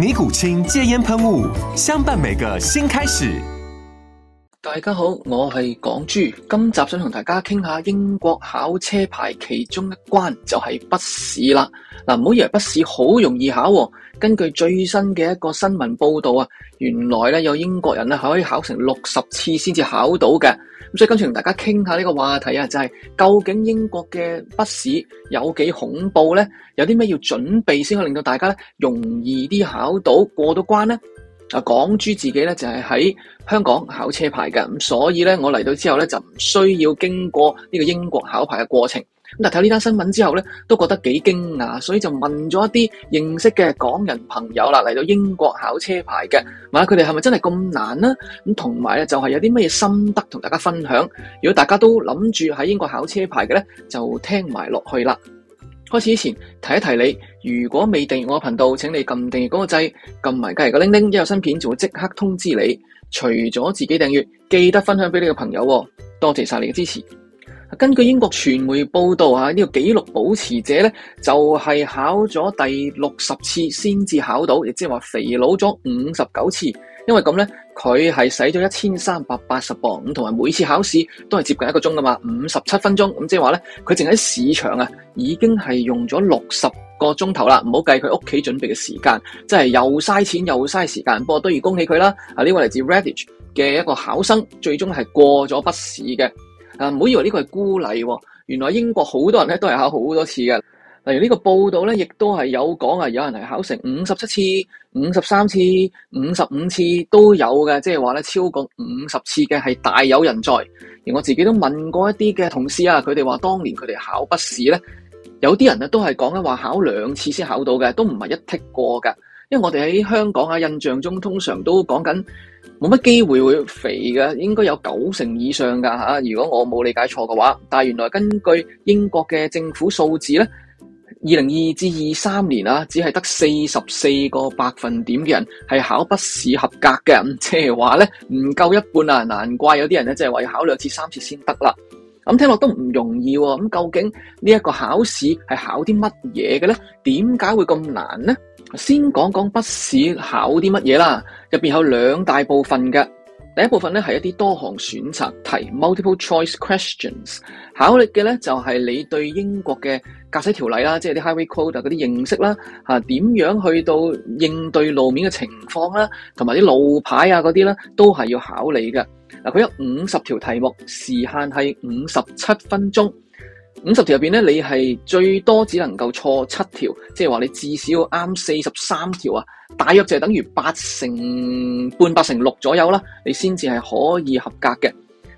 尼古清戒煙噴霧，相伴每個新開始。大家好，我係港珠。今集想同大家傾下英國考車牌其中一關就係筆試啦。嗱，唔好以為筆試好容易考。根據最新嘅一個新聞報道啊，原來咧有英國人咧可以考成六十次先至考到嘅。咁所以今次同大家傾下呢個話題啊，就是，就係究竟英國嘅筆試有幾恐怖呢？有啲咩要準備先可以令到大家咧容易啲考到過到關呢？啊，港豬自己咧就係喺香港考車牌嘅，咁所以咧我嚟到之後咧就唔需要經過呢個英國考牌嘅過程。咁但睇呢單新聞之後咧，都覺得幾驚訝，所以就問咗一啲認識嘅港人朋友啦，嚟到英國考車牌嘅，話佢哋係咪真係咁難呢？咁同埋咧就係有啲乜嘢心得同大家分享。如果大家都諗住喺英國考車牌嘅咧，就聽埋落去啦。開始之前提一提你。如果未訂閱我嘅頻道，請你撳訂閱嗰個掣，撳埋隔籬個鈴鈴，一有新片就會即刻通知你。除咗自己訂閱，記得分享俾呢個朋友喎。多謝晒你嘅支持。根據英國傳媒報道，吓、這、呢個紀錄保持者咧就係、是、考咗第六十次先至考到，亦即係話肥佬咗五十九次，因為咁咧佢係使咗一千三百八十磅，同埋每次考試都係接近一個鐘噶嘛，五十七分鐘，咁即係話咧佢淨喺市場啊，已經係用咗六十。個鐘頭啦，唔好計佢屋企準備嘅時間，真係又嘥錢又嘥時間。不過都要恭喜佢啦，啊呢位嚟自 Redditch 嘅一個考生，最終係過咗筆試嘅。啊唔好以為呢個係孤例，哦，原來英國好多人咧都係考好多次嘅。例如呢個報道咧，亦都係有講啊，有人係考成五十七次、五十三次、五十五次都有嘅，即係話咧超過五十次嘅係大有人在。而我自己都問過一啲嘅同事啊，佢哋話當年佢哋考筆試咧。有啲人咧都係講緊話考兩次先考到嘅，都唔係一剔過噶因為我哋喺香港啊，印象中通常都講緊冇乜機會會肥嘅，應該有九成以上噶吓。如果我冇理解錯嘅話，但係原來根據英國嘅政府數字咧，二零二至二三年啊，只係得四十四個百分點嘅人係考筆試合格嘅，即係話咧唔夠一半啊。難怪有啲人咧即係話要考兩次、三次先得啦。咁聽落都唔容易喎，咁究竟呢一個考試係考啲乜嘢嘅咧？點解會咁難咧？先講講筆試考啲乜嘢啦，入邊有兩大部分嘅。第一部分咧係一啲多項選擇題 （multiple choice questions），考慮嘅咧就係、是、你對英國嘅駕駛條例啦，即係啲 highway code 嗰啲認識啦，吓、啊、點樣去到應對路面嘅情況啦，同埋啲路牌啊嗰啲啦，都係要考你嘅。嗱，佢有五十條題目，時限係五十七分鐘。五十條入邊咧，你係最多只能夠錯七條，即係話你至少啱四十三條啊，大約就係等於八成半、八成六左右啦，你先至係可以合格嘅。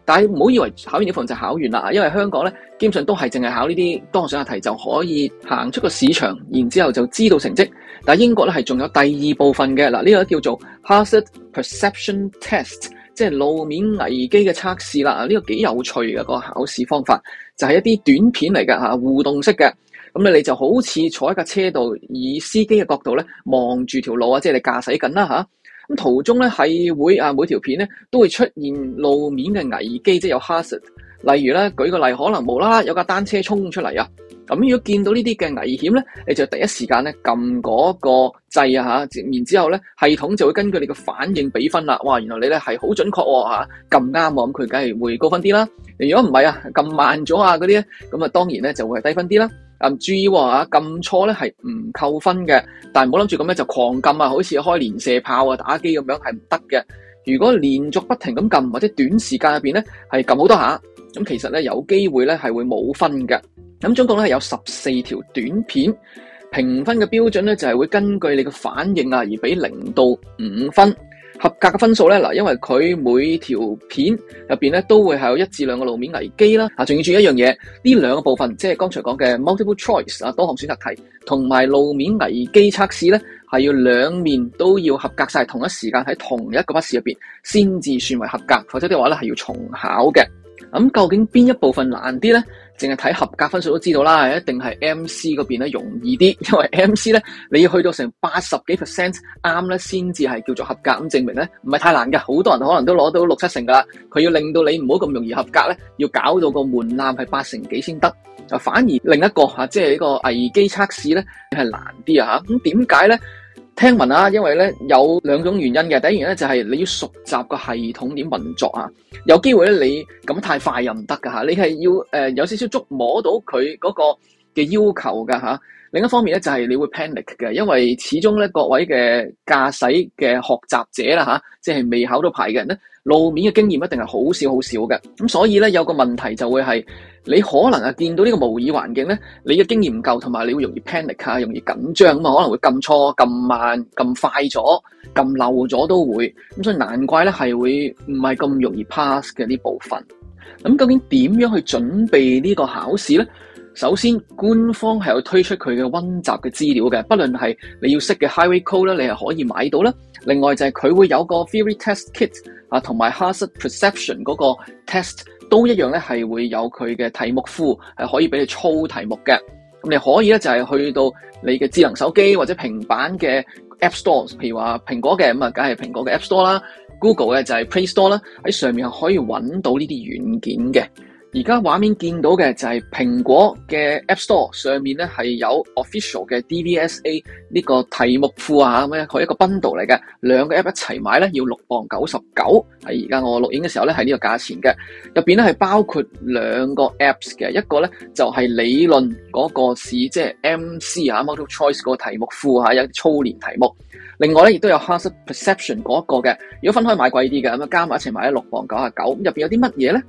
但係唔好以為考完呢部就考完啦，因為香港咧，基本上都係淨係考呢啲多選題就可以行出個市場，然之後就知道成績。但係英國咧係仲有第二部分嘅，嗱呢、這個叫做 Hazard Perception Test。即係路面危機嘅測試啦，呢個幾有趣嘅個考試方法，就係一啲短片嚟嘅吓，互動式嘅。咁咧你就好似坐喺架車度，以司機嘅角度咧望住條路啊，即係你駕駛緊啦吓。咁途中咧係會啊每條片咧都會出現路面嘅危機，即係有 hazard。例如咧，舉個例，可能無啦啦有架單車衝出嚟啊！咁如果見到呢啲嘅危險咧，你就第一時間咧撳嗰個掣啊嚇，然之後咧系統就會根據你嘅反應俾分啦。哇，原來你咧係好準確喎嚇，撳啱喎，咁佢梗係會高分啲啦。如果唔係啊，撳慢咗啊嗰啲咧，咁啊當然咧就會係低分啲啦。啊、嗯，注意喎嚇，撳錯咧係唔扣分嘅，但係唔好諗住咁咧就狂撳啊，好似開連射炮啊打機咁樣係唔得嘅。如果連續不停咁撳或者短時間入面咧，係撳好多下，咁其實咧有機會咧係會冇分嘅。咁總共咧有十四條短片，評分嘅標準咧就係會根據你嘅反應啊而俾零到五分。合格嘅分數咧嗱，因為佢每條片入面咧都會係有一至兩個路面危機啦。啊，仲要注意一樣嘢，呢兩個部分即係剛才講嘅 Multiple Choice 啊，多項選擇題同埋路面危機測試咧。係要兩面都要合格晒，同一時間喺同一個筆試入面先至算為合格，否則的話咧係要重考嘅。咁、嗯、究竟邊一部分難啲咧？淨係睇合格分數都知道啦，一定係 MC 嗰邊咧容易啲，因為 MC 咧你要去到成八十幾 percent 啱咧先至係叫做合格，咁證明咧唔係太難嘅，好多人可能都攞到六七成噶啦。佢要令到你唔好咁容易合格咧，要搞到個門檻係八成幾先得。啊，反而另一個、啊、即係呢個危機測試咧係難啲啊，咁點解咧？嗯聽聞啊，因為咧有兩種原因嘅。第一，原因咧就係你要熟習個系統點運作啊。有機會咧你咁太快又唔得噶吓，你係要誒、呃、有少少觸摸到佢嗰個嘅要求噶吓、啊。另一方面咧就係你會 panic 嘅，因為始終咧各位嘅駕駛嘅學習者啦吓、啊，即係未考到牌嘅人咧，路面嘅經驗一定係好少好少嘅。咁所以咧有個問題就會、是、係。你可能啊，見到呢個模擬環境咧，你嘅經驗唔夠，同埋你會容易 panic 啊，容易緊張啊嘛，可能會撳錯、撳慢、撳快咗、撳漏咗都會，咁所以難怪咧係會唔係咁容易 pass 嘅呢部分。咁究竟點樣去準備呢個考試咧？首先，官方係有推出佢嘅溫習嘅資料嘅，不論係你要識嘅 highway code 咧，你係可以買到啦。另外就係佢會有個 theory test kit 啊，同埋 hazard perception 嗰個 test。都一樣咧，係會有佢嘅題目庫，係可以俾你操題目嘅。咁你可以咧，就係去到你嘅智能手機或者平板嘅 App Store，譬如話蘋果嘅咁啊，梗係蘋果嘅 App Store 啦。Google 咧就係 Play Store 啦，喺上面係可以揾到呢啲軟件嘅。而家畫面見到嘅就係蘋果嘅 App Store 上面，咧係有 official 嘅 DVSA 呢個題目庫啊，咁佢一個 bundle 嚟嘅，兩個 app 一齊買咧要六磅九十九，係而家我錄影嘅時候咧係呢個價錢嘅，入面咧係包括兩個 apps 嘅，一個咧就係、是、理論嗰、那個試，即、就、係、是、MC 啊 multiple choice 嗰個題目庫嚇有操練題目，另外咧亦都有 hazard perception 嗰一個嘅，如果分開買貴啲嘅，咁樣加埋一齊買六磅九啊九，咁入面有啲乜嘢咧？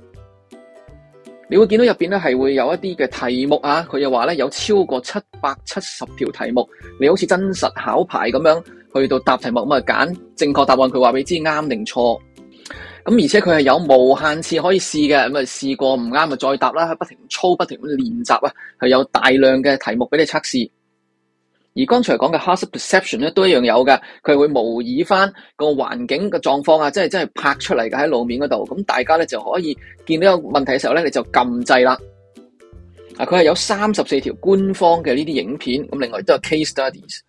你會見到入邊咧係會有一啲嘅題目啊，佢又話咧有超過七百七十條題目，你好似真實考牌咁樣去到答題目咁啊，揀正確答案，佢話俾你知啱定錯，咁而且佢係有無限次可以試嘅，咁啊試過唔啱啊再答啦，不停操，不停練習啊，係有大量嘅題目俾你測試。而剛才講嘅 hazard perception 都一樣有嘅，佢會模擬返個環境嘅狀況啊，即係即係拍出嚟嘅喺路面嗰度，大家就可以見到個問題嘅時候你就禁制啦。啊，佢係有三十四條官方嘅呢啲影片，另外都係 case studies。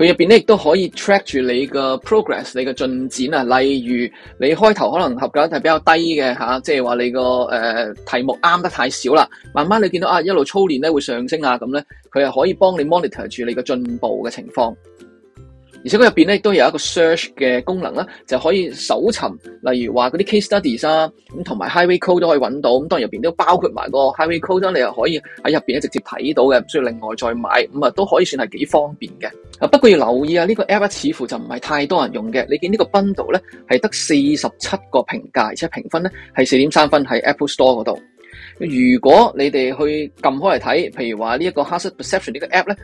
佢入邊咧亦都可以 track 住你嘅 progress、你嘅進展啊，例如你開頭可能合格率係比較低嘅吓，即係話你個誒、呃、題目啱得太少啦，慢慢你見到啊一路操練咧會上升啊咁咧，佢係可以幫你 monitor 住你嘅進步嘅情況。而且佢入邊咧亦都有一個 search 嘅功能啦，就可以搜尋，例如話嗰啲 case studies 啊，咁同埋 highway code 都可以揾到。咁當然入邊都包括埋個 highway code 啦，你又可以喺入邊咧直接睇到嘅，唔需要另外再買，咁啊都可以算係幾方便嘅。啊，不過要留意啊，呢個 app 似乎就唔係太多人用嘅。你見呢個 bundle 咧係得四十七個評價，而且評分咧係四點三分喺 Apple Store 嗰度。如果你哋去撳開嚟睇，譬如話呢一個 Hazard Perception 呢個 app 咧，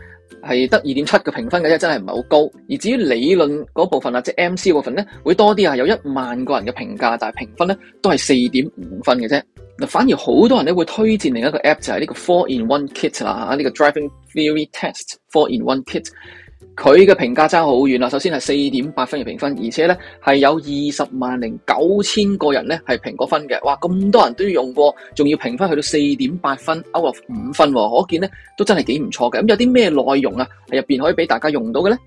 係得二點七嘅評分嘅啫，真係唔係好高。而至於理論嗰部分啦，即係 MC 嗰份咧，會多啲啊，有一萬個人嘅評價，但係評分咧都係四點五分嘅啫。嗱，反而好多人咧會推薦另一個 app 就係呢個 Four In One Kit 啦，呢個 Driving Theory Test Four In One Kit。佢嘅評價差好遠啊。首先係四點八分嘅評分，而且咧係有二十萬零九千個人咧係評過分嘅。哇，咁多人都要用過，仲要評分去到四點八分，over 五分，可見咧都真係幾唔錯嘅。咁有啲咩內容啊？入面可以俾大家用到嘅咧？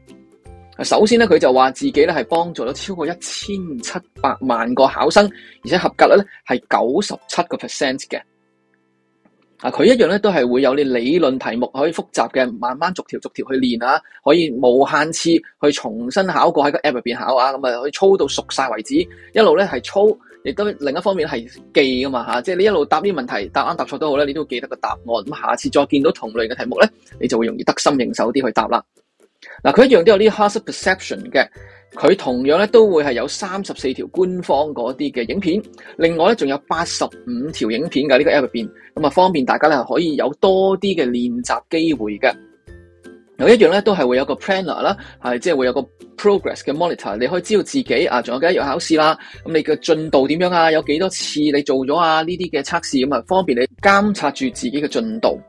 首先咧，佢就話自己咧係幫助咗超過一千七百萬個考生，而且合格率咧係九十七個 percent 嘅。啊！佢一樣咧都係會有啲理論題目可以複雜嘅，慢慢逐條逐條去練啊，可以無限次去重新考過喺個 app 入邊考啊，咁啊可以操到熟晒為止，一路咧係操，亦都另一方面係記噶嘛嚇，即係你一路答啲問題，答啱答錯都好咧，你都要記得個答案，咁下次再見到同類嘅題目咧，你就會容易得心應手啲去答啦。嗱，佢一樣都有啲 hazard perception 嘅。佢同樣咧都會係有三十四條官方嗰啲嘅影片，另外咧仲有八十五條影片嘅呢個 app 入面，咁啊方便大家咧可以有多啲嘅練習機會嘅。有一樣咧都係會有個 planner 啦，係即係會有個 progress 嘅 monitor，你可以知道自己啊仲有幾多日考試啦，咁你嘅進度點樣啊？有幾多次你做咗啊？呢啲嘅測試咁啊方便你監察住自己嘅進度。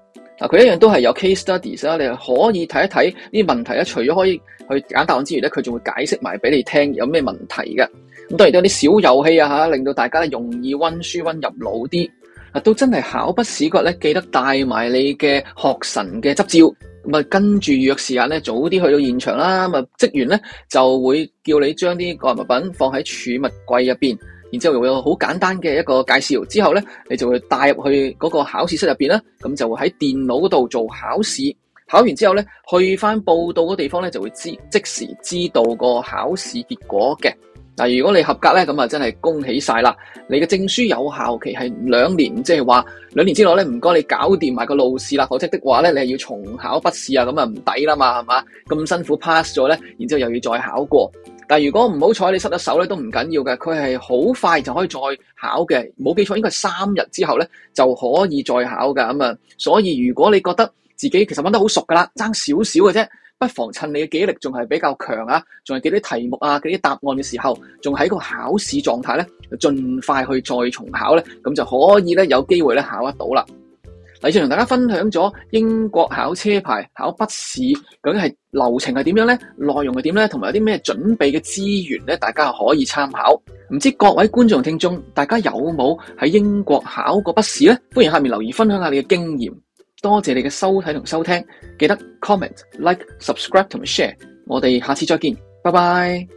嗱，佢一樣都係有 case studies 啦，你可以睇一睇呢啲問題啊。除咗可以去揀答案之餘咧，佢仲會解釋埋俾你聽有咩問題嘅。咁當然都有啲小遊戲啊嚇，令到大家咧容易溫書溫入腦啲。啊，都真係考筆試覺咧，記得帶埋你嘅學神嘅執照，咪跟住預約時間咧，早啲去到現場啦。咪職員咧就會叫你將啲個人物品放喺儲物櫃入邊。然之後又有好簡單嘅一個介紹，之後呢，你就會帶入去嗰個考試室入邊啦，咁就會喺電腦嗰度做考試，考完之後呢，去翻報到嗰地方呢，就會知即時知道個考試結果嘅。嗱，如果你合格呢，咁啊真係恭喜晒啦！你嘅證書有效期係兩年，即係話兩年之內呢，唔該你搞掂埋個路試啦，否則的話呢，你係要重考筆試啊，咁啊唔抵啦嘛，係嘛？咁辛苦 pass 咗呢，然之後又要再考過。但如果唔好彩你失咗手咧，都唔緊要嘅，佢係好快就可以再考嘅。冇記錯，應該係三日之後咧就可以再考㗎。咁啊，所以如果你覺得自己其實玩得好熟噶啦，爭少少嘅啫，不妨趁你嘅記憶力仲係比較強啊，仲係記啲題目啊，記啲答案嘅時候，仲喺個考試狀態咧，就盡快去再重考咧，咁就可以咧有機會咧考得到啦。上次同大家分享咗英國考車牌、考筆試究竟係流程係點樣呢？內容係點呢？同埋有啲咩準備嘅資源呢？大家可以參考。唔知各位觀眾聽眾，大家有冇喺英國考過筆試呢？歡迎下面留言分享下你嘅經驗。多謝你嘅收睇同收聽，記得 comment、like、subscribe 同 share。我哋下次再見，拜拜。